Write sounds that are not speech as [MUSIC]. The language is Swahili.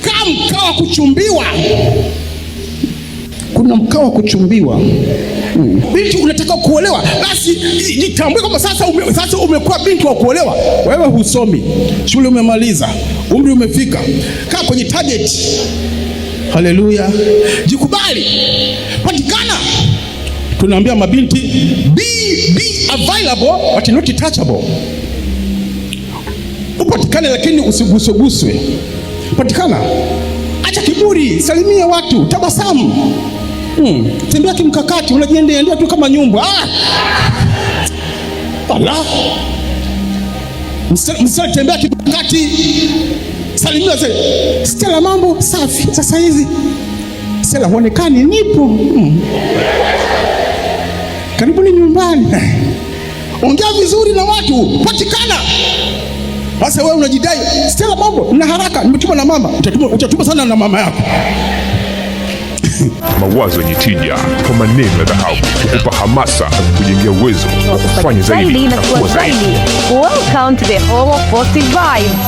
kaa mkaa wa kuchumbiwa. Kuna mkaa wa kuchumbiwa hmm. binti unataka kuolewa, basi jitambue kwamba sasa ume, sasa umekuwa binti wa kuolewa. Wewe husomi, shule umemaliza, umri umefika, kaa kwenye target. Haleluya, jikubali, patikana. Tunaambia mabinti be, be available but not touchable. Upatikane lakini usigusweguswe kupatikana. Acha kiburi, salimia watu, tabasamu. Hmm. Tembea kimkakati, unajiendea ndio tu kama nyumba. Ah! Ala. Msitari, tembea kimkakati, salimia ze Stella, mambo safi. Sasa hizi Stella huonekani, nipo. Hmm. Karibuni nyumbani. [LAUGHS] Ongea vizuri na watu, patikana. Sasa wewe unajidai Stella Bongo, na haraka nimetuma na mama. Utatuma, utatuma sana na mama yako. [LAUGHS] Mawazo yenye tija kwa maneno ya dhahabu kukupa hamasa kujengea uwezo wa kufanya zaidi na kuwa zaidi. Welcome to the Home of Positive Vibes.